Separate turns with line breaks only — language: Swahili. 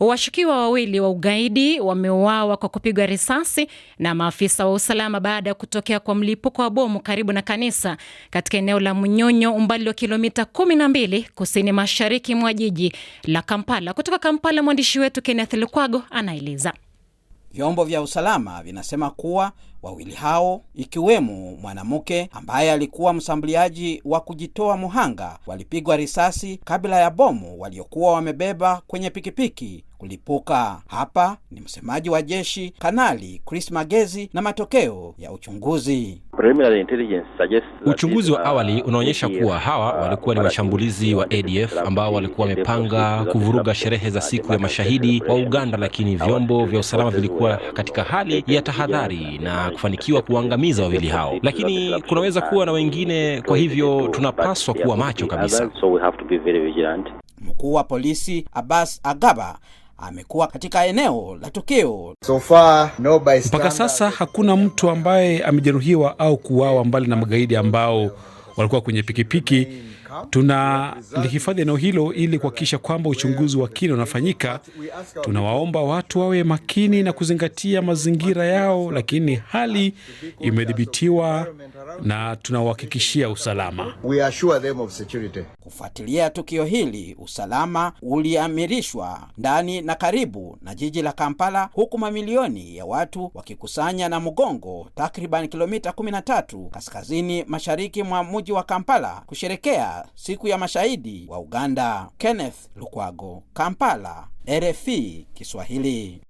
Washukiwa wawili wa ugaidi wameuawa kwa kupigwa risasi na maafisa wa usalama baada ya kutokea kwa mlipuko wa bomu karibu na kanisa katika eneo la Munyonyo, umbali wa kilomita 12 kusini mashariki mwa jiji la Kampala. Kutoka Kampala, mwandishi wetu Kenneth Lukwago anaeleza.
Vyombo vya usalama vinasema kuwa wawili hao ikiwemo mwanamke ambaye alikuwa msambuliaji wa kujitoa muhanga walipigwa risasi kabla ya bomu waliokuwa wamebeba kwenye pikipiki kulipuka. Hapa ni msemaji wa jeshi Kanali Chris Magezi na matokeo ya uchunguzi.
Uchunguzi wa awali unaonyesha kuwa hawa walikuwa ni washambulizi wa ADF ambao walikuwa wamepanga kuvuruga sherehe za siku ya mashahidi wa Uganda, lakini vyombo vya usalama vilikuwa katika hali ya tahadhari na kufanikiwa kuwangamiza wawili hao, lakini kunaweza kuwa na wengine, kwa hivyo tunapaswa kuwa macho kabisa.
Mkuu wa polisi Abbas Agaba amekuwa katika eneo la tukio. So far,
no Mpaka sasa hakuna mtu ambaye amejeruhiwa au kuuawa mbali na magaidi ambao walikuwa kwenye pikipiki Tunalihifadhi eneo hilo ili kuhakikisha kwamba uchunguzi wa kina unafanyika. Tunawaomba watu wawe makini na kuzingatia mazingira yao, lakini hali imedhibitiwa na tunawahakikishia usalama.
Kufuatilia tukio hili, usalama uliamirishwa ndani na karibu na jiji la Kampala, huku mamilioni ya watu wakikusanya na Mugongo, takriban kilomita 13 kaskazini mashariki mwa mji wa Kampala kusherekea siku ya mashahidi wa Uganda. Kenneth Lukwago, Kampala, RFI Kiswahili.